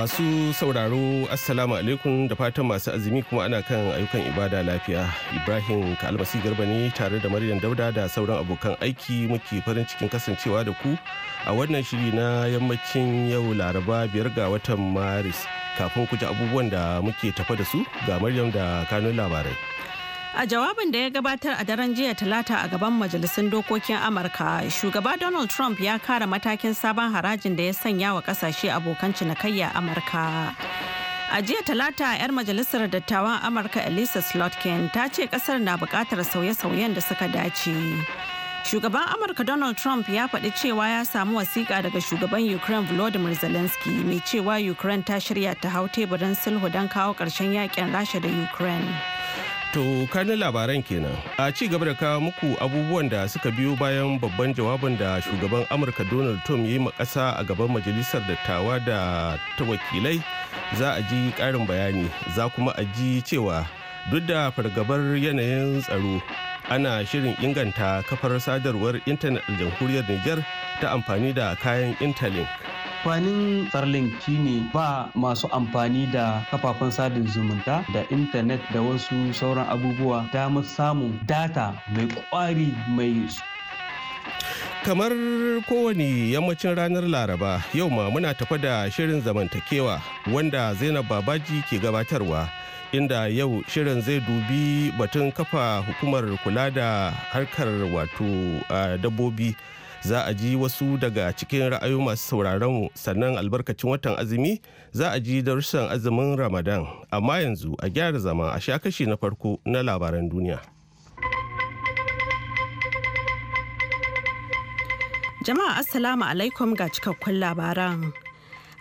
Masu sauraro Assalamu alaikum da fatan masu azumi kuma ana kan ayyukan ibada lafiya. Ibrahim Kalmasi Garba ne tare da Maryam Dauda da sauran abokan aiki muke farin cikin kasancewa da ku a wannan shiri na yammacin yau Laraba biyar ga watan Maris. Kafin ku ji abubuwan da muke tafa da su ga Maryam da kanun labarai. A jawabin da ya gabatar a daren jiya talata a gaban majalisun dokokin Amurka, shugaba Donald Trump ya kara matakin sabon harajin da ya sanya wa kasashe abokan cinikayya Amurka. A jiya talata 'yar majalisar dattawan Amurka Elisa Slotkin ta ce kasar na bukatar sauye-sauyen da suka dace. Shugaban Amurka Donald Trump ya faɗi cewa ya samu wasiƙa daga shugaban Ukraine Volodymyr Zelensky mai cewa Ukraine ta shirya ta hau teburin sulhu don kawo ƙarshen yakin Rasha da Ukraine. To kanin labaran kenan a ci gaba da kawo muku abubuwan da suka biyo bayan babban jawabin da shugaban Amurka Donald Trump ya yi ma ƙasa a gaban majalisar dattawa da ta wakilai za a ji ƙarin bayani za kuma a ji cewa duk da fargabar yanayin tsaro ana shirin inganta kafar sadarwar intanet jamhuriyar Niger ta amfani da kayan intanet. amfanin starlink shine ba masu amfani da kafafen sadin zumunta da intanet da wasu sauran abubuwa damar samun data mai kwari mai kamar kowane yammacin ranar laraba yau ma muna tafa da shirin zamantakewa wanda zainab babaji ke gabatarwa inda yau shirin zai dubi batun kafa hukumar kula da harkar wato dabbobi za a ji wasu daga cikin ra'ayoyi masu sauraron sannan albarkacin watan azumi za a ji darussan azumin ramadan amma yanzu a gyara zama a sha kashi na farko na labaran duniya jama'a assalamu alaikum ga cikakkun labaran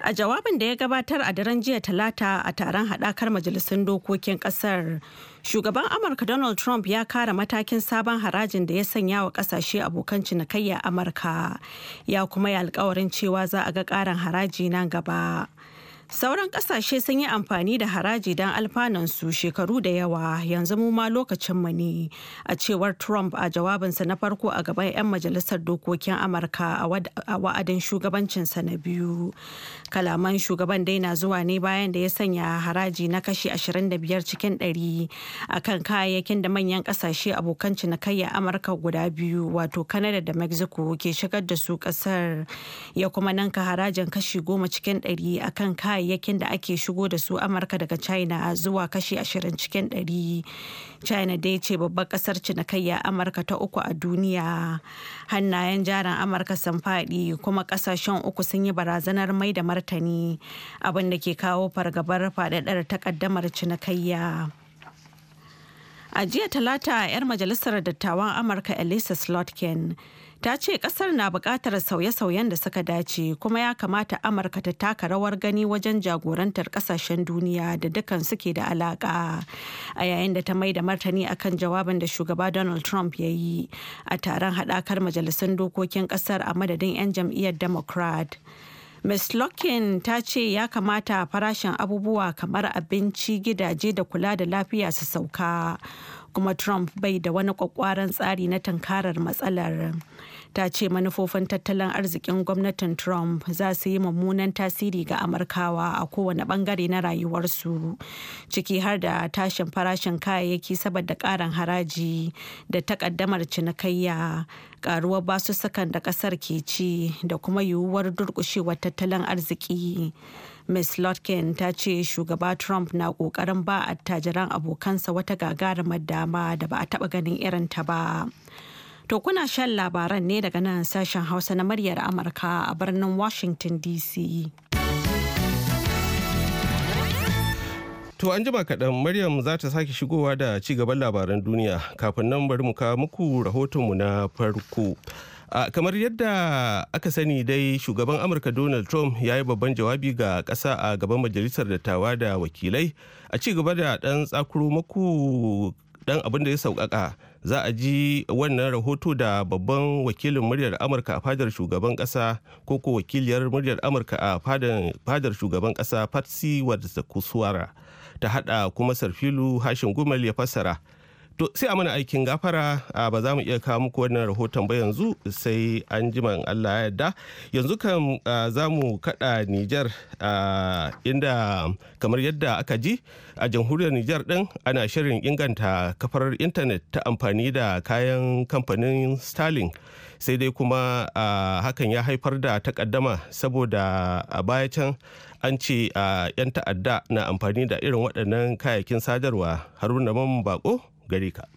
A jawabin da ya gabatar a daren jiya talata a taron haɗakar majalisun dokokin ƙasar, shugaban Amurka Donald Trump ya kara matakin sabon harajin da ya sanya wa ƙasashe abokan cinikayya Amurka, ya kuma yi alkawarin cewa za a ga ƙarin haraji nan gaba. Sauran kasashe sun yi amfani da haraji don alfanansu shekaru da yawa yanzu mu ma mu ne a cewar Trump a jawabinsa na farko a gaban 'yan majalisar dokokin Amurka a wa'adin shugabancinsa na biyu. Kalaman shugaban dai na zuwa ne bayan da ya sanya haraji na kashi 25 cikin 100 akan kayayyakin da manyan kasashe abokan cinikayya Amurka guda biyu wato Canada da Mexico ke shigar da su kasar ya kuma nanka harajin kashi 10 cikin 100 akan kayayyakin kayayyakin da ake shigo da su amurka daga china zuwa kashi 20 cikin 100 china dai ce babbar kasar cinikayya amurka ta uku a duniya hannayen jaran amurka sun faɗi kuma kasashen uku sun yi barazanar mai da martani abin da ke kawo fargabar faɗaɗar takaddamar cinikayya a jiya talata 'yar majalisar dattawan amurka elisa slotkin ta ce kasar na buƙatar sauye-sauyen da suka dace kuma ya kamata amurka ta taka rawar gani wajen jagorantar kasashen duniya da dukkan suke da alaƙa a yayin da ta mai da martani akan jawabin da shugaba donald trump ya yi a taron haɗakar majalisun dokokin kasar a madadin 'yan jam'iyyar democrat Ms. Lockin ta ce ya kamata farashin abubuwa kamar abinci, gidaje da kula da lafiya su sauka. kuma trump bai da wani kwakwaran tsari na tankarar matsalar ta ce manufofin tattalin arzikin gwamnatin trump za su yi mummunan tasiri ga amurkawa a kowane bangare na rayuwarsu ciki har da tashin farashin kayayyaki saboda karin haraji da takaddamar cinikayya karuwar basussukan da kasar ke ci da kuma yiwuwar durkushewar tattalin arziki Ms. Lotkin ta ce shugaba Trump na kokarin ba attajiran abokansa wata gagarumar dama da ba a taba ganin irin ta ba. To kuna shan labaran ne daga nan sashen Hausa na muryar Amurka a birnin Washington DC. To an jima kaɗan Maryam za ta sake shigowa da ci gaban labaran duniya kafin nan bari mu kawo muku mu na farko. kamar yadda aka sani dai shugaban amurka donald trump ya yi babban jawabi ga ƙasa a gaban majalisar dattawa da wakilai a ci gaba da ɗan tsakuro maku ɗan abin da ya sauƙaƙa za a ji wannan rahoto da babban wakilin muryar amurka a fadar shugaban ƙasa ko ko wakiliyar muryar amurka a fadar shugaban ƙasa patsy wadda ta hada kuma sarfilu hashin gumal ya fassara To sai a mana aikin gafara ba za mu iya kawo muku wannan rahoton ba yanzu sai an ji man Allah ya yarda. Yanzu kan za mu kada Nijar inda kamar yadda aka ji a jamhuriyar Nijar din ana shirin inganta kafar intanet ta amfani da kayan kamfanin Starlink. sai dai kuma hakan ya haifar da takaddama saboda a baya can an ce a yan ta'adda na amfani da irin waɗannan kayayyakin sadarwa haruna man bako Garika.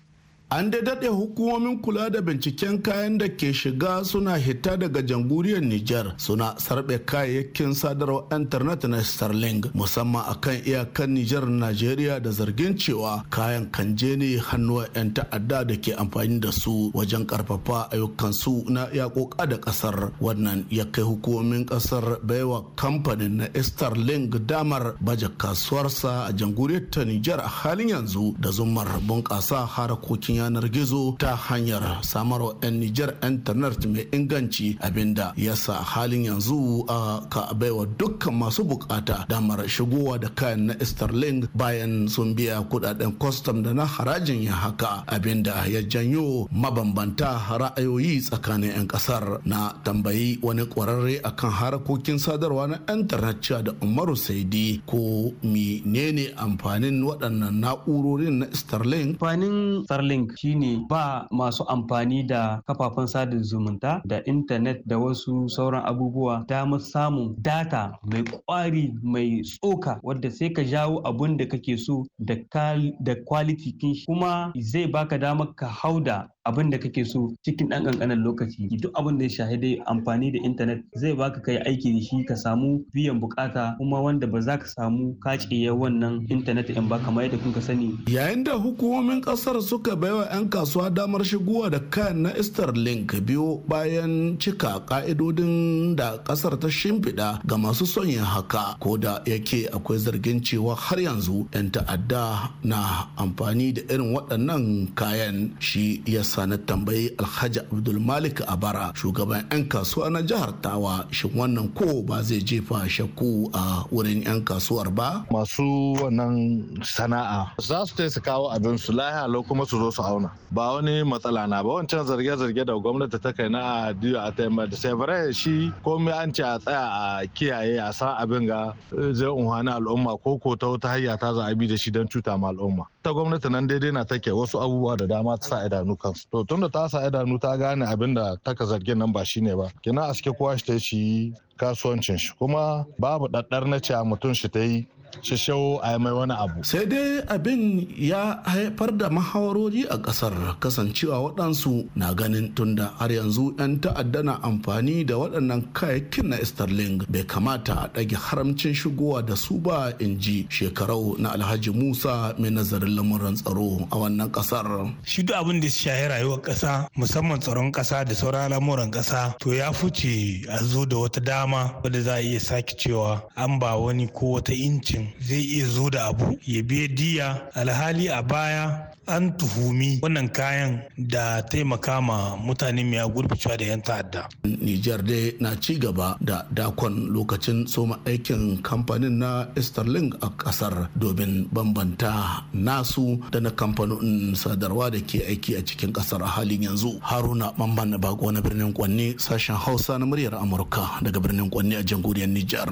an da daɗe hukumomin kula da binciken kayan da ke shiga suna hita daga jamhuriyar Niger suna sarɓe kayayyakin sadarwar intanet na Starlink musamman akan iyakan Nijar Najeriya da zargin cewa kayan kan je ne hannuwa 'yan ta'adda da ke amfani da su wajen karfafa su na yakoka da ƙasar wannan ya kai hukumomin ƙasar baiwa kamfanin na Starlink damar baje kasuwarsa a jamhuriyar ta Nijar a halin yanzu da zumar bunƙasa harakokin yanar gizo ta hanyar samarwa 'yan Nijar intanet mai inganci abinda ya sa halin yanzu a ka baiwa dukkan masu bukata damar shigowa da kayan na Sterling bayan sun biya kudaden kwastam da na harajin ya haka abinda ya janyo mabambanta ra'ayoyi tsakanin 'yan kasar na tambayi wani kwararre akan harakokin sadarwa na intanet cewa da Umaru Saidi ko menene amfanin waɗannan na'urorin na Sterling? Amfanin Sterling shine ba masu amfani da kafafen sada zumunta da intanet da wasu sauran abubuwa damar samun data mai kwari mai tsoka wadda sai ka jawo abun da kake so da kwalifikin shi. kuma zai baka damar ka hau da. abin da kake so cikin ɗan ƙanƙanin lokaci duk abin da ya shahi amfani da intanet zai baka kai aiki da shi ka samu biyan bukata kuma wanda ba za ka samu kaciye wannan intanet ɗin ba kamar yadda kuka sani. Yayin da hukumomin ƙasar suka baiwa 'yan kasuwa damar shigowa da kayan na Starlink biyo bayan cika ka'idodin da ƙasar ta shimfiɗa ga masu son yin haka ko da yake akwai zargin cewa har yanzu 'yan ta'adda na amfani da irin waɗannan kayan shi ya yasa na tambayi alhaji abdul malik abara shugaban 'yan kasuwa na jihar tawa shin wannan ko ba zai jefa shakku a wurin 'yan kasuwar ba masu wannan sana'a za su su kawo abin su lahiya lau kuma su zo su auna ba wani matsala na ba wancan zarge-zarge da gwamnati ta kai na a diyo a taimar da sai shi komai an ce a tsaya a kiyaye a san abin ga eh, zai unhani al'umma ko ko ta wata hanya ta za a bi da shi don cuta ma al'umma ta gwamnati nan daidai na take wasu abubuwa da dama ta sa idanu kansu to tunda ta sa idanu ta gane abin da taka zargin nan ba shine ba kina aske kowa shi ta shi kasuwancin shi kuma babu daddar na ce mutum shi ta yi shashau a mai wani abu. Sai dai abin ya haifar da mahawarori a kasar kasancewa waɗansu na ganin tunda har yanzu 'yan ta'adda na amfani da waɗannan kayayyakin na Sterling bai kamata a ɗage haramcin shigowa da su ba in ji shekarau na Alhaji Musa mai nazarin lamuran tsaro a wannan kasar. Shi duk abin da shahi rayuwar kasa musamman tsaron kasa da sauran lamuran kasa to ya fice a zo da wata dama wadda za a iya sake cewa an ba wani ko wata incin zai iya zo da abu ya biya diya alhali a baya an tuhumi wannan kayan da taimaka ma mutane mai gurbicewa da 'yan ta'adda. Nijar dai na ci gaba da dakon lokacin soma aikin kamfanin na Sterling a kasar domin bambanta nasu da na kamfanin sadarwa da ke aiki a cikin kasar a halin yanzu. Haruna Mamman Bako na birnin Kwanne sashen Hausa na muryar Amurka daga birnin Kwanne a jamhuriyar Nijar.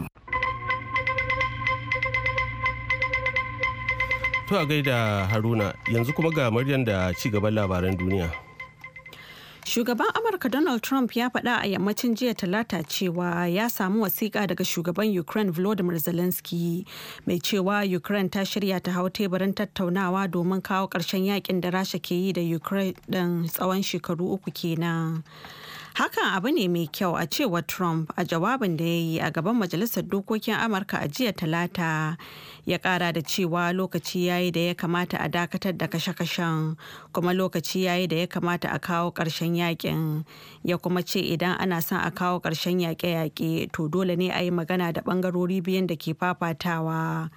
To a gaida Haruna yanzu kuma ga Maryam da ci gaban labaran duniya. Shugaban Amurka Donald Trump ya faɗa a yammacin jiya talata cewa ya samu wasiƙa daga shugaban Ukraine Volodymyr Zelensky mai cewa Ukraine ta shirya ta hau teburin tattaunawa domin kawo ƙarshen yakin da Rasha ke yi da Ukraine ɗin tsawon shekaru uku kenan. Hakan abu ne mai kyau a cewa Trump a jawabin da ya yi a gaban Majalisar Dokokin Amurka a jiya Talata ya kara da cewa lokaci ya yi da ya kamata a dakatar da kashe-kashen kuma lokaci ya yi da ya kamata a kawo ƙarshen yakin ya kuma ce idan ana son a kawo ƙarshen yaƙe-yaƙe to dole ne a yi magana da ɓangarori biyan da ke fafatawa.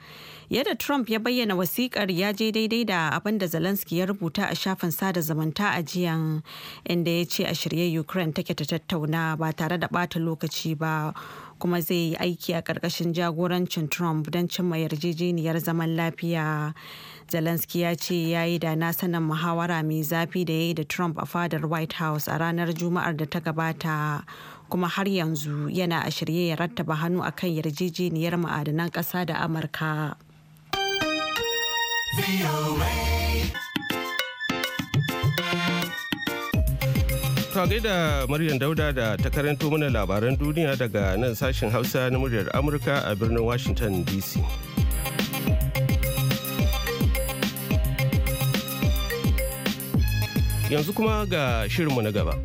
Yadda Trump ya bayyana wasikar ya je daidai da abin da Zelensky ya rubuta a shafin sada zumunta a jiyan inda ya ce a shirye Ukraine take ta tattauna ba tare da bata lokaci ba kuma zai yi aiki a ƙarƙashin jagorancin Trump don cimma yarjejeniyar zaman lafiya. Zelensky ya ce ya yi da na sanin muhawara mai zafi da ya yi da Trump a fadar White House a ranar Juma'ar da ta gabata kuma har yanzu yana a shirye ya rattaba hannu akan yarjejeniyar ma'adanan ƙasa da Amurka. To gaida Maryam Dauda da ta karanto mana labaran duniya daga nan sashen Hausa na muryar Amurka a birnin Washington DC. Yanzu kuma ga shirinmu na gaba.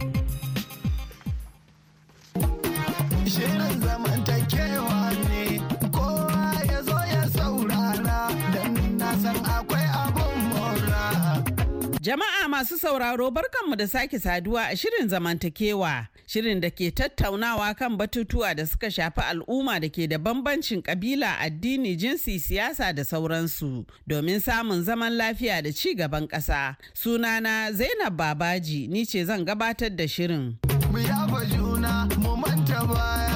Jama'a masu sauraro barkanmu da sake saduwa a shirin zamantakewa, shirin da ke tattaunawa kan batutuwa da suka shafi al'umma da ke da bambancin kabila, addini, jinsi, siyasa da sauransu domin samun zaman lafiya da ci gaban ƙasa. Sunana Zainab Babaji ni ce zan gabatar da shirin. Mu yafa juna, mu manta baya.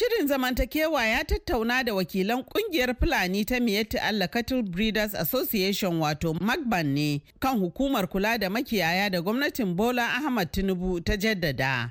shirin zamantakewa ya tattauna da wakilan kungiyar Fulani ta Miyetti Allah Cattle Breeders Association wato Magban ne kan hukumar kula da makiyaya da gwamnatin Bola Ahmad Tinubu ta jaddada.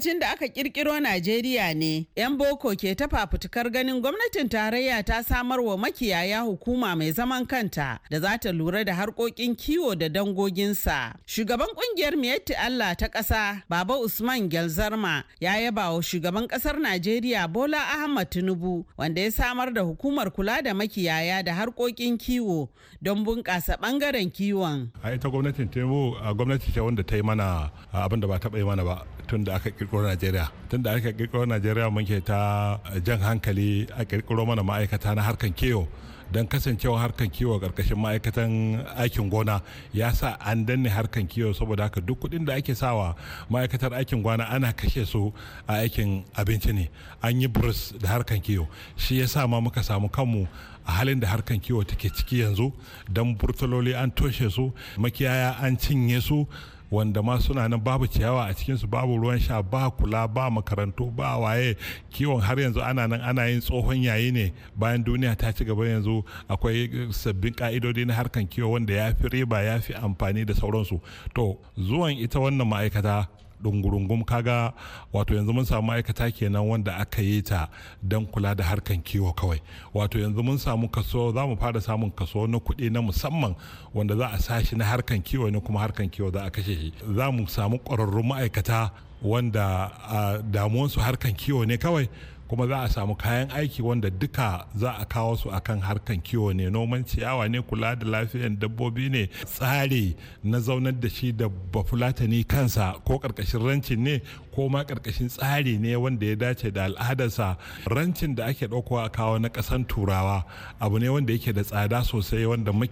Lokacin da aka kirkiro Najeriya ne, 'yan boko ke ta fafutukar ganin gwamnatin tarayya ta samar wa makiyaya hukuma mai zaman kanta da za ta lura da harkokin kiwo da dangoginsa. Shugaban kungiyar Miyatti Allah ta ƙasa, Baba Usman Gyalzarma, ya yaba wa shugaban ƙasar Najeriya Bola Ahmad Tinubu, wanda ya samar da hukumar kula da makiyaya da harkokin kiwo don bunƙasa ɓangaren kiwon. A ita gwamnatin Tinubu, gwamnati ce wanda ta yi mana abin da ba taɓa yi mana ba tun da aka kirkiro najeriya tun da aka kirkiro najeriya muke ta jan hankali a kirkiro mana ma'aikata na harkan kiwo don kasancewa harkan kiwo karkashin ma'aikatan aikin gona ya sa an danne harkan kiwo saboda haka duk kuɗin da ake sawa ma'aikatar aikin gona ana kashe su a aikin abinci ne an yi burus da harkan kiwo shi ya sa ma muka samu kanmu a halin da harkan kiwo take ciki yanzu don burtuloli an toshe su makiyaya an cinye su wanda ma suna nan babu ciyawa a cikinsu babu ruwan sha ba kula ba makarantu ba waye kiwon har yanzu ana nan ana yin tsohon yayi ne bayan duniya ta ci gaba yanzu akwai sabbin ka'idodi na harkan kiwo wanda ya fi riba ya fi amfani da sauransu to zuwan ita wannan ma'aikata dungurungum kaga wato yanzu mun samu ma'aikata kenan wanda aka yi ta don kula da harkan kiwo kawai wato yanzu mun samu kaso za mu fara samun kaso na kuɗi na musamman wanda za a sashi na harkan kiwo ne kuma harkan kiwo za a kashe shi za mu samu ƙwararrun ma'aikata wanda ah, damuwansu harkan kiwo ne kawai kuma za a samu kayan aiki wanda duka za a kawo su akan harkan kiwo ne noman ciyawa ne kula da lafiyan dabbobi ne tsari na zaunar da shi da bafulatani kansa ko karkashin rancin ne ko ma karkashin tsari ne wanda ya dace da al'adarsa rancin da ake ɗaukowa a kawo na kasan turawa abu ne wanda yake da tsada sosai wanda mu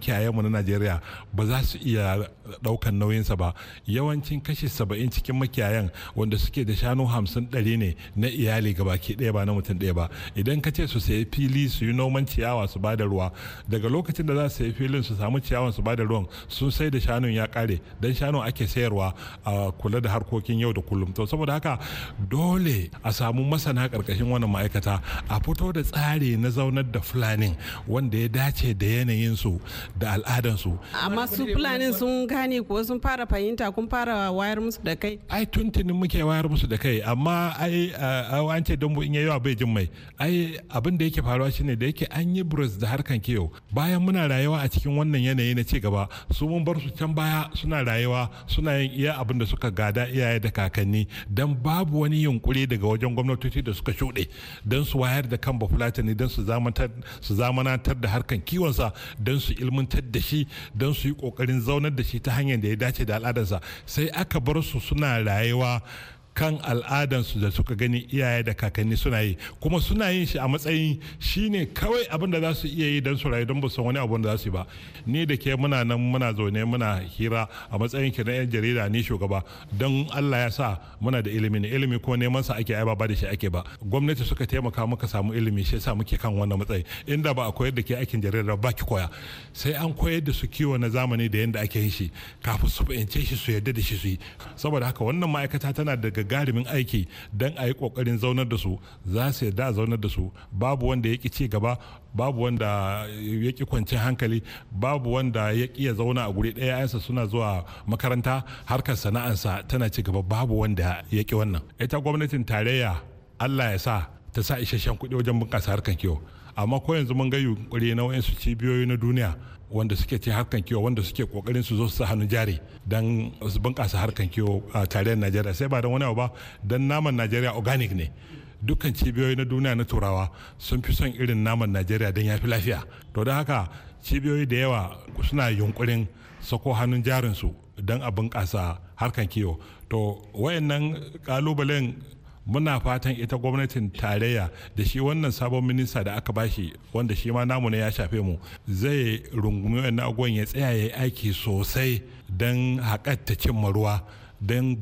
na najeriya ba za su iya ɗaukan nauyinsa ba yawancin kashi saba'in cikin makiyayen wanda suke da shanu hamsin ɗari ne na iyali gabaki ɗaya ba na mutum ɗaya ba idan ka ce su sayi fili su yi noman ciyawa su ba ruwa daga lokacin da za su sayi filin su samu ciyawan su bada da ruwan sun sai da shanun ya ƙare dan shanun ake sayarwa a kula da harkokin yau da kullum to saboda saboda haka dole a samu masana karkashin wannan ma'aikata a fito da tsari na zaunar da fulani wanda ya dace da yanayin su da al'adan su amma su fulanin sun gane ko sun fara fahimta kun fara wayar musu da kai ai tuntunin muke wayar musu da kai amma ai an ce don in yayi bai jin mai ai abin da yake faruwa shine da yake an yi bros da harkan kiyo bayan muna rayuwa a cikin wannan yanayi na cigaba, su mun bar su can baya suna rayuwa suna yin iya abin da suka gada iyaye da kakanni don babu wani yunkuri daga wajen gwamnatoci da suka shuɗe don su wayar da kan bafulatani don su zamanatar da harkan kiwonsa don su ilmantar da shi don su yi ƙoƙarin zaunar da shi ta hanyar da ya dace da al'adarsa sai aka bar su suna rayuwa kan al'adansu da suka gani iyaye da kakanni suna yi kuma suna yin shi a matsayin shine kawai abin da za su iya yi don su rayu don san wani abin da za su yi ba ni da ke muna nan muna zaune muna hira a matsayin ki na yan jarida ni shugaba don Allah ya sa muna da ilimi ne ilimi ko neman sa ake ba da shi ake ba gwamnati suka taimaka muka samu ilimi shi yasa muke kan wannan matsayi inda ba a koyar da ke aikin jarida ba ki koya sai an koyar da su kiwo na zamani da yadda ake yin shi kafin su fahimce shi su yarda da shi su yi saboda haka wannan ma'aikata tana daga gagarumin aiki don a yi kokarin zaunar da su za su da zaunar da su babu wanda ya ki ci gaba babu wanda ya ki kwanci hankali babu wanda ya ki ya zauna a guri ɗaya ayansa suna zuwa makaranta harkar sana'ansa tana ci gaba babu wanda ya ki wannan ita gwamnatin tarayya allah ya sa ta sa isasshen kuɗi wajen bunƙasa harkar kiwo amma ko yanzu mun ga yunkuri na wayansu cibiyoyi na duniya wanda suke cin harkan kiwo wanda suke kokarin su zo su hannu jari don su bunƙasa harkan kiwo a tarayyar najeriya sai ba don wani abu ba don naman najeriya organic ne dukkan cibiyoyi na duniya na turawa sun fi son irin naman najeriya don ya fi lafiya to don haka cibiyoyi da yawa suna yunkurin sako hannun jarinsu don a bunkasa harkan kiwo to wayannan ƙalubalen muna fatan ita gwamnatin tarayya da shi wannan sabon minista da aka bashi wanda shi ma namu ne ya shafe mu zai rungumi wannan agon ya tsaya ya yi aiki sosai don haƙatta cimma ruwa don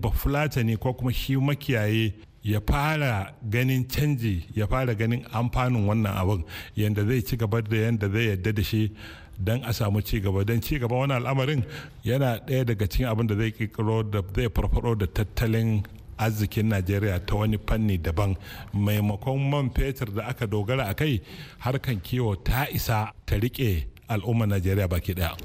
ne ko kuma shi makiyaye ya fara ganin canji ya fara ganin amfanin wannan abin yadda zai ci gaba da yadda zai yadda da shi don a samu ci gaba don ci gaba wani al'amarin yana ɗaya daga cikin abin da zai kikiro da zai farfaro da tattalin arzikin najeriya ta wani fanni daban maimakon man fetur da aka dogara a kai harkan kiwo ta isa ta rike al'ummar najeriya baki daya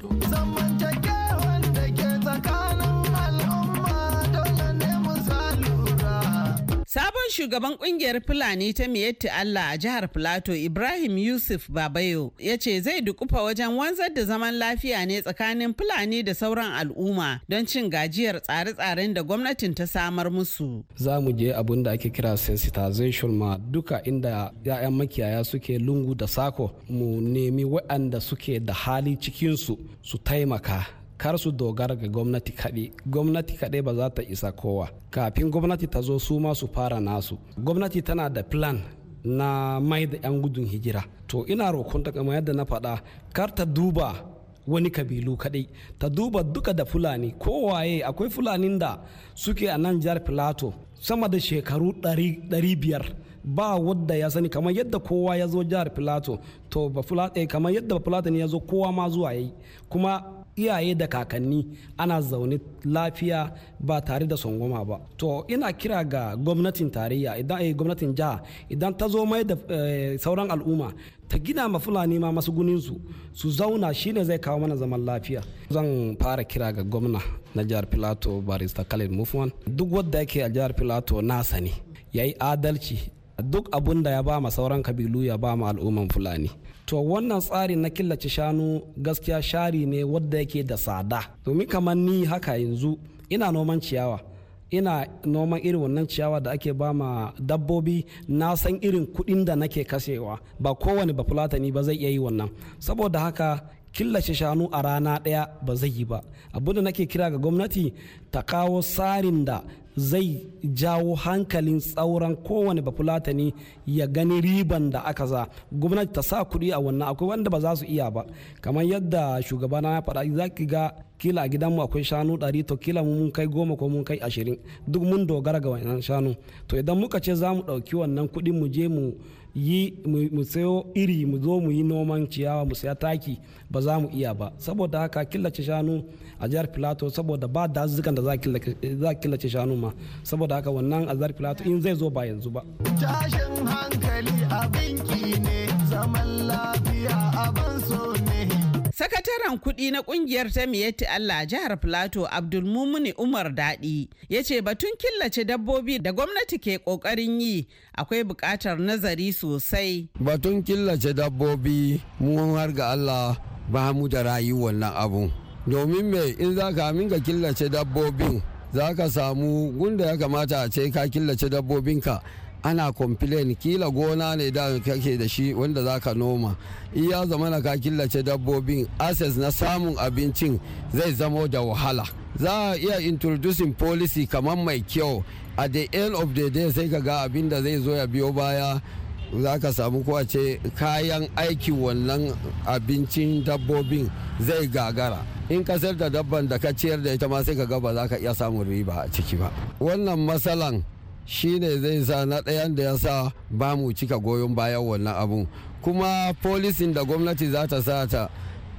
shugaban kungiyar Fulani ta Miyatti Allah a jihar Filato Ibrahim Yusuf Babayo ya ce zai dukufa wajen wanzar da zaman lafiya ne tsakanin Fulani da sauran al'umma don cin gajiyar tsare-tsaren da gwamnatin ta samar musu. Za mu je abin da ake kira sensitization ma duka inda 'ya'yan makiyaya suke lungu da sako mu nemi waɗanda suke da hali cikinsu su taimaka kar su dogara ga gwamnati kaɗai gwamnati kaɗai ba za ta isa kowa kafin gwamnati ta zo su ma su fara nasu gwamnati tana da plan na mai da 'yan gudun hijira to ina rokon ta kamar yadda na faɗa kar ta duba wani kabilu kaɗai ta duba duka da fulani kowaye akwai fulanin da suke a nan jihar filato sama da shekaru ɗari biyar ba wadda ya sani kamar yadda kowa ya zo jihar filato to ba eh, kamar yadda ne ya zo kowa ma zuwa yayi kuma iyaye da kakanni ana zaune lafiya ba tare da songoma ba to ina kira ga gwamnatin tarayya idan eh, gwamnatin jiha idan ta zo mai da eh, sauran al'umma ta gina ma fulani ma masu guninsu su zauna shine zai kawo mana zaman lafiya zan fara kira ga gwamna na jihar filato barista khalid mufwan duk wadda yake a jihar filato nasa ne ya yi adalci duk abun da ya ba ma sauran kabilu ya ba ma al'umman fulani to wannan tsari na killace shanu gaskiya shari ne wadda yake da tsada domin kamar ni haka yanzu ina noman ciyawa ina noman irin wannan ciyawa da ake ba ma dabbobi na san irin kuɗin da nake kashewa ba kowane ba fulatani ba zai iya yi wannan saboda haka killace shanu a rana ɗaya ba zai yi ba abinda nake kira ga gwamnati ta kawo tsarin da zai jawo hankalin tsauran kowane bafulatani ya gani riban da aka sa gwamnati ta sa kuɗi a wannan akwai wanda ba za su iya ba kamar yadda shugabana ya faɗa za ki ga kila a gidanmu akwai shanu ɗari to kila mun kai goma ko mun kai ashirin duk mun dogara ga wannan shanu to idan muka ce za mu ɗauki wannan kuɗi mu je mu yi mu sayo iri mu zo mu yi noman ciyawa mu saya taki ba za mu iya ba saboda haka killace shanu a jihar filato saboda ba dazuzzukan da za a killace shanu ma saboda haka wannan a jihar filato in zai zo ba yanzu ba tashin hankali abin ne zaman lafiya abin so ne Sakataren kuɗi na ƙungiyar ta Miyetti Allah jihar Filato Mumuni Umar Dadi, ya ce batun killace dabbobi da gwamnati ke ƙoƙarin yi akwai bukatar nazari sosai. Batun killace dabbobi mun har ga Allah ba mu da rayu wannan abu. Domin me in za ka ka killace dabbobin za ka samu gunda ya kamata a ce ka killace dabbobinka ana complain kila gona ne da kake da shi wanda za ka noma iya zamana ka killace dabbobin access na samun abincin zai zamo da wahala za a iya introducing policy kamar mai kyau at the end of the day sai ka ga abin da zai zo ya biyo baya za ka samu ko ce kayan aikin wannan abincin dabbobin zai gagara in ka sayar da dabban da ka ciyar da ita ma sai ka ga ba za ka iya samun riba a ciki ba wannan matsalan shi ne zai sa na ɗayan da ya sa ba mu cika goyon bayan wannan abun kuma polisin da gwamnati za ta sa ta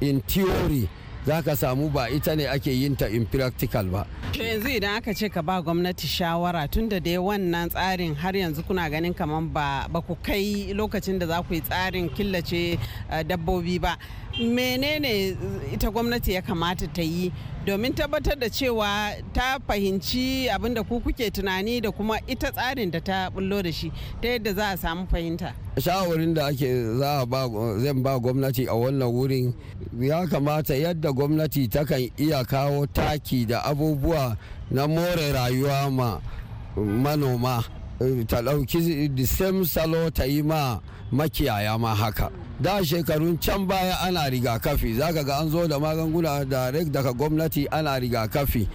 in theory za ka samu ba ita ne ake yin ta in practical ba. To yanzu idan aka ce ka ba gwamnati shawara tun da dai wannan tsarin har yanzu kuna ganin kamar ba ku kai lokacin da za ku yi tsarin killace eh, dabbobi ba. menene ita gwamnati ya kamata ta yi domin tabbatar da cewa ta fahimci abinda da ku kuke tunani da kuma ita tsarin da ta bullo da shi ta yadda za a samu fahimta shawarin da ake za a ba zan ba gwamnati a wannan wurin ya kamata yadda gwamnati ta kan iya kawo taki da abubuwa na more rayuwa ma manoma eh, ta ɗauki the same salo ta yi ma makiyaya ma haka da shekarun can baya ana rigakafi zaka ga an zo da magunguna direct daga gwamnati ana rigakafi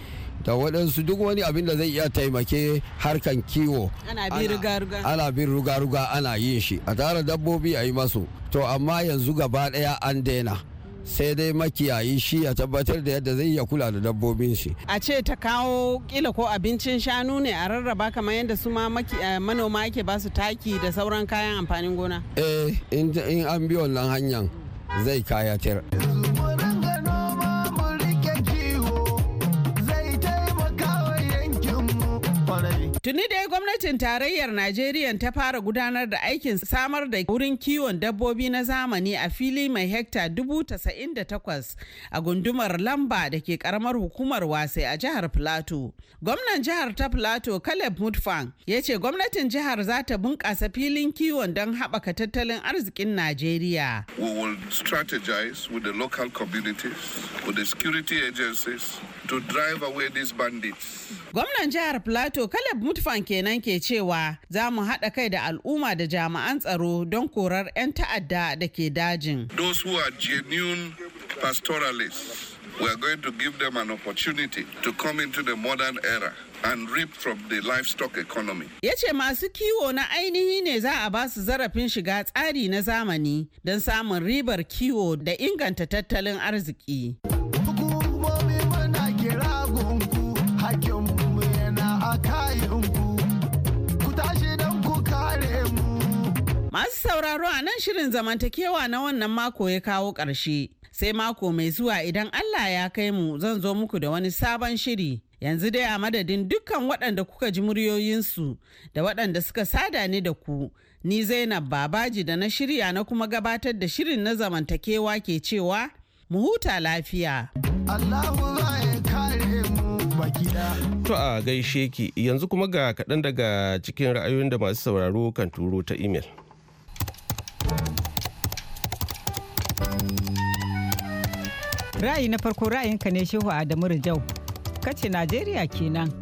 da waɗansu duk wani abin da zai iya taimake harkan kiwo ana bin ruga-ruga ana yin shi a tara dabbobi a yi masu to amma yanzu gaba ɗaya an daina sai dai makiyayi shi ya tabbatar da yadda zai iya kula da dabbobin shi a ce ta kawo kila ko abincin shanu ne a rarraba kamar yadda su ma eh, manoma ake ba su taki da sauran kayan amfanin gona eh in an bi wannan hanyar zai kayatar. Tuni dai gwamnatin tarayyar Najeriya ta fara gudanar da aikin samar da wurin kiwon dabbobi na zamani a fili mai hekta dubu tasa'in da takwas a gundumar Lamba da ke karamar hukumar wasai a jihar Filato. Gwamnan jihar ta Filato Caleb mudfang ya ce gwamnatin jihar za ta bunƙasa filin kiwon don haɓaka tattalin arzikin Najeriya. We will strategize with the local communities, with the security agencies to drive away these bandits. Gwamnan jihar Filato Caleb Mutfan kenan ke cewa za mu haɗa kai da al'umma da jami'an tsaro don korar 'yan ta'adda da ke dajin. Those who are genuine pastoralists, we are going to give them an opportunity to come into the modern era. and reap from the livestock economy. Ya ce masu kiwo na ainihi ne za a ba su zarafin shiga tsari na zamani don samun ribar kiwo da inganta tattalin arziki. Masu sauraro a nan shirin zamantakewa na wannan mako ya kawo ƙarshe. Sai mako mai zuwa idan Allah ya kai mu zan zo muku da wani sabon shiri. Yanzu dai a madadin dukkan waɗanda kuka ji muryoyinsu da waɗanda suka sada ni da ku, ni Zainab Babaji da na shirya na kuma gabatar da shirin na zamantakewa ke cewa mu huta lafiya. Allahumma ya kare mu To a gaishe ki yanzu kuma ga kaɗan daga cikin ra'ayoyin da masu sauraro kan turo ta imel. Ra'ayi na farko ra'ayinka ne Shehu Adamu Rijau. Kace Najeriya kenan.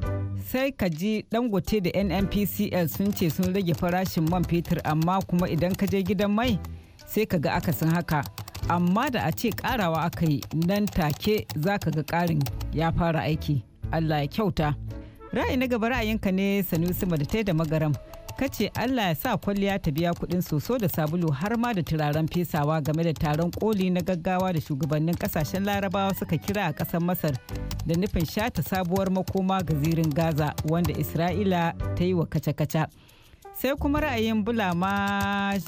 Sai ka ji dangote da NNPCL sun ce sun rage farashin man fetur amma kuma idan ka je gidan mai sai ka ga akasin haka. Amma da a ce karawa aka yi nan take za ka ga karin ya fara aiki. Allah ya kyauta. Ra'ayi na gaba ra'ayinka ne Sanusi da magaram. ka ce Allah ya sa kwalliya ta biya kuɗin soso da sabulu har ma da turaren fesawa game da taron koli na gaggawa da shugabannin kasashen larabawa suka kira a ƙasar masar da nufin shata sabuwar makoma ga zirin gaza wanda isra'ila ta yi wa kaca-kaca sai kuma ra'ayin bulama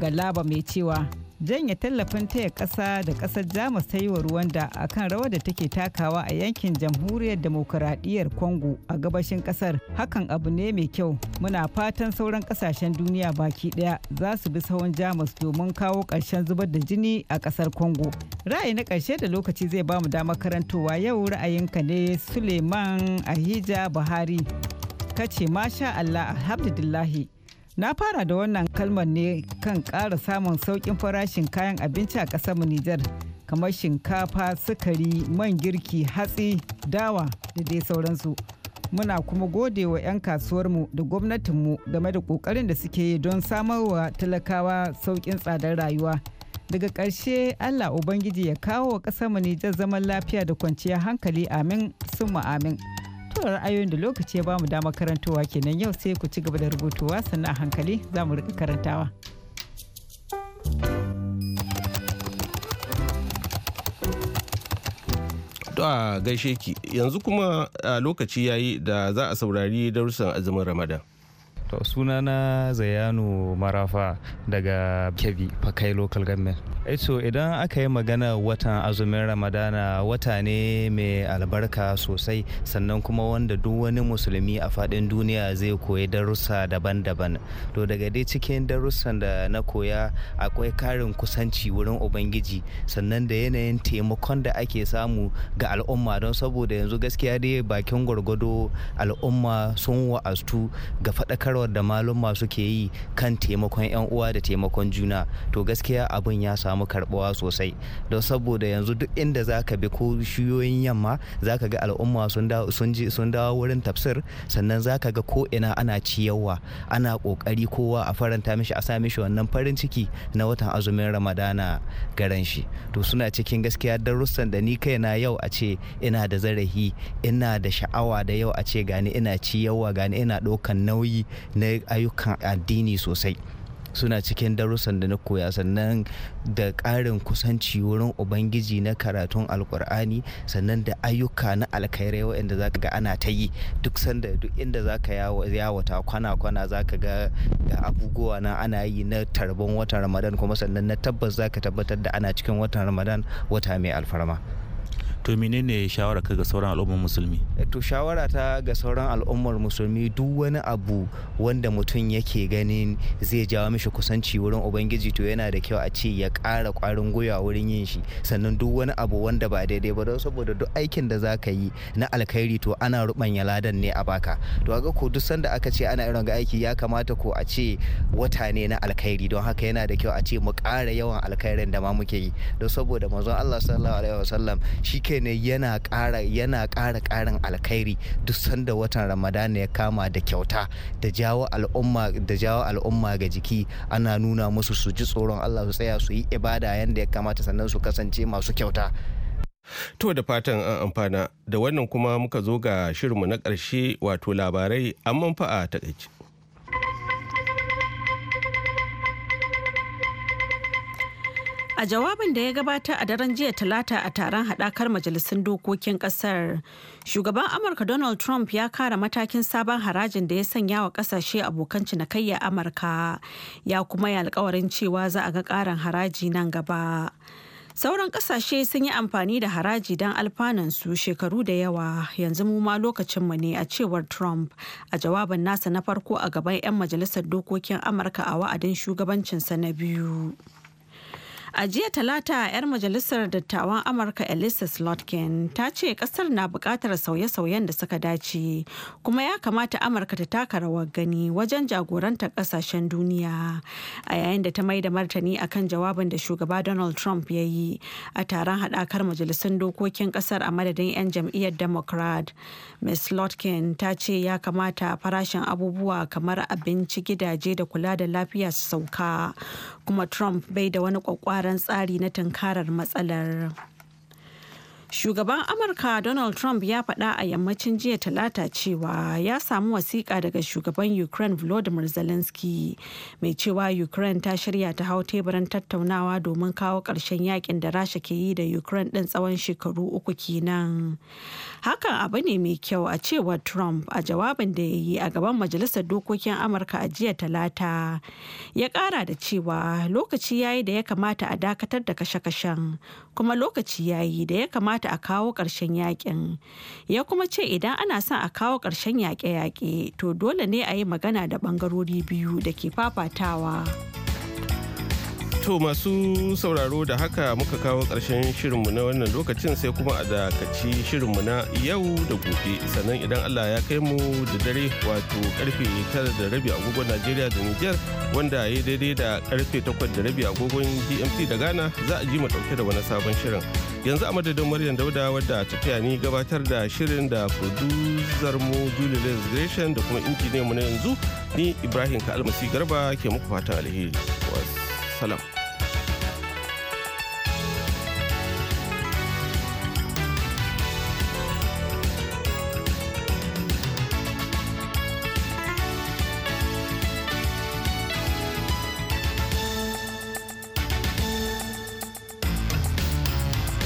ga laba mai cewa janye tallafin taya ƙasa da ƙasar jamus ta yi wa rwanda a kan rawar da take takawa a yankin jamhuriyar demokuraɗiyyar congo a gabashin ƙasar hakan abu ne mai kyau muna fatan sauran ƙasashen duniya baki ɗaya za su bi sahun jamus domin kawo ƙarshen zubar da jini a ƙasar congo ra'ayi na ƙarshe da lokaci zai ba mu damar karantowa yau ra'ayinka ne suleiman ahija buhari kace masha allah alhamdulillahi Na fara da wannan kalmar ne kan ƙara samun sauƙin farashin kayan abinci a ƙasar Nijar, kamar shinkafa, sukari, man girki, hatsi, dawa da dai sauransu. Muna kuma gode wa 'yan kasuwarmu da gwamnatinmu game da ƙoƙarin da suke yi don samarwa talakawa sauƙin tsadar rayuwa. Daga ƙarshe Allah Ubangiji ya kawo wa ƙasarmu Nijar zaman lafiya da kwanciyar hankali amin sun amin. to ra'ayoyin da lokaci ya bamu damar karantowa kenan yau sai ku ci gaba da rubutuwa sannan a hankali za mu rika karantawa. a gaishe ki yanzu kuma lokaci yayi da za a saurari darussan azumin ramadan To sunana Zayanu Marafa daga Kebbi Fakai Local Government. Eto eh, idan aka yi magana watan azumin Ramadana wata ne mai albarka sosai sannan kuma wanda duk wani musulmi a faɗin duniya zai koyi darussa daban-daban. To daga dai cikin darussan da na koya akwai karin kusanci wurin Ubangiji sannan da yanayin taimakon da ake samu ga al'umma don saboda yanzu gaskiya dai bakin gwargwado al'umma sun wa'astu ga faɗakar faɗakarwar da malumma suke yi kan taimakon 'yan uwa da taimakon juna to gaskiya abin ya samu karbuwa sosai don saboda yanzu duk inda za ka bi ko shiyoyin yamma za ka ga al'umma sun dawo wurin tafsir sannan za ka ga ko ina ana ciyarwa ana kokari kowa a faranta mishi a sa mishi wannan farin ciki na watan azumin ramadana garan shi to suna cikin gaskiya darussan da ni kaina yau a ce ina da zarahi ina da sha'awa da yau a ce gani ina ci yawa gani ina ɗaukan nauyi na ayyukan addini sosai suna cikin darussan da na koya sannan da ƙarin kusanci wurin ubangiji na karatun alkur'ani sannan da ayyuka na alkhairai waɗanda za ka ga ana ta yi duk sanda duk inda za ka yawata kwana-kwana za ka ga da abubuwa na ana yi na tarbon watan ramadan kuma sannan na tabbas za ka tabbatar da ana cikin watan ramadan wata mai alfarma to menene shawara ka ga sauran al'ummar musulmi eh, to shawara ta ga sauran al'ummar musulmi duk wani abu wanda mutum yake ganin zai jawo mishi kusanci wurin ubangiji to yana da kyau a ce ya ƙara kwarin gwiwa wurin yin shi sannan duk wani abu wanda ba daidai ba don saboda duk aikin da za ka yi na alkhairi to ana rubanya ladan ne a baka to ga ko duk sanda aka ce ana irin ga aiki ya kamata ko a ce wata ne na alkhairi don haka yana da kyau a ce mu kara yawan alkhairin da ma muke yi don saboda manzon Allah sallallahu alaihi wasallam shi ke ne yana ƙara yana ƙara ƙarin alkhairi duk sanda watan ramadana ya kama da kyauta da jawo al'umma da jawo al'umma ga jiki ana nuna musu su ji tsoron Allah su tsaya su yi ibada yanda ya kamata sannan su kasance masu kyauta To da fatan an amfana da wannan kuma muka zo ga shirinmu na ƙarshe wato labarai amma fa'a ta takaice. A jawabin da ya gabata a daren jiya talata a taron haɗakar majalisun dokokin ƙasar, shugaban Amurka Donald Trump ya kara matakin sabon harajin da ya sanya wa ƙasashe abokan cinikayya Amurka, ya kuma yi alkawarin cewa za a ga ƙarin haraji nan gaba. Sauran ƙasashe sun yi amfani da haraji don alfanansu shekaru da yawa yanzu mu ma lokacinmu ne a cewar Trump a jawabin nasa na farko a gaban 'yan majalisar dokokin Amurka a wa'adin shugabancinsa na biyu. A jiya talata 'yar majalisar dattawan Amurka Elisa Slotkin ta ce kasar na bukatar sauye-sauyen da suka dace kuma ya kamata Amurka ta taka rawar gani wajen jagorantar kasashen duniya a yayin da ta mai da martani akan jawabin da shugaba Donald Trump ya yi a taron haɗakar majalisun dokokin kasar a madadin 'yan jam'iyyar Democrat. Ms. Slotkin ta ce ya kamata farashin abubuwa kamar abinci gidaje da kula da lafiya su sauka kuma Trump bai da wani kwakwara tsare tsari na tunkarar matsalar. Shugaban Amurka Donald Trump ya faɗa a yammacin jiya talata cewa ya samu wasiƙa daga shugaban Ukraine Volodymyr Zelensky mai cewa Ukraine ta shirya ta hau teburin tattaunawa domin kawo ƙarshen yakin da Rasha ke yi da Ukraine ɗin tsawon shekaru uku kenan. Hakan abu ne mai kyau a cewar Trump a jawabin da ya yi a gaban Majalisar Dokokin Amurka a jiya talata. Ya ƙara da cewa lokaci ya yi da ya kamata a dakatar da kashe-kashen kuma lokaci ya yi da ya kamata kamata a kawo ƙarshen yakin. Ya kuma ce idan ana son a kawo ƙarshen yaƙe-yaƙe to dole ne a yi magana da ɓangarori biyu da ke fafatawa. To masu sauraro da haka muka kawo ƙarshen shirinmu na wannan lokacin sai kuma a dakaci shirinmu na yau da gobe sannan idan Allah ya kai mu da dare wato karfe tara da rabi agogon Najeriya da niger wanda ya daidai da karfe takwas da rabi agogon GMT da Ghana za a ji mu ɗauke da wani sabon shirin. yanzu a madadin maryam dauda wadda ta taya ni gabatar da shirin da producer mu julius resignation da kuma injiniyar mu na yanzu ni ibrahim ka almasi garba ke muku fatan alheri salam.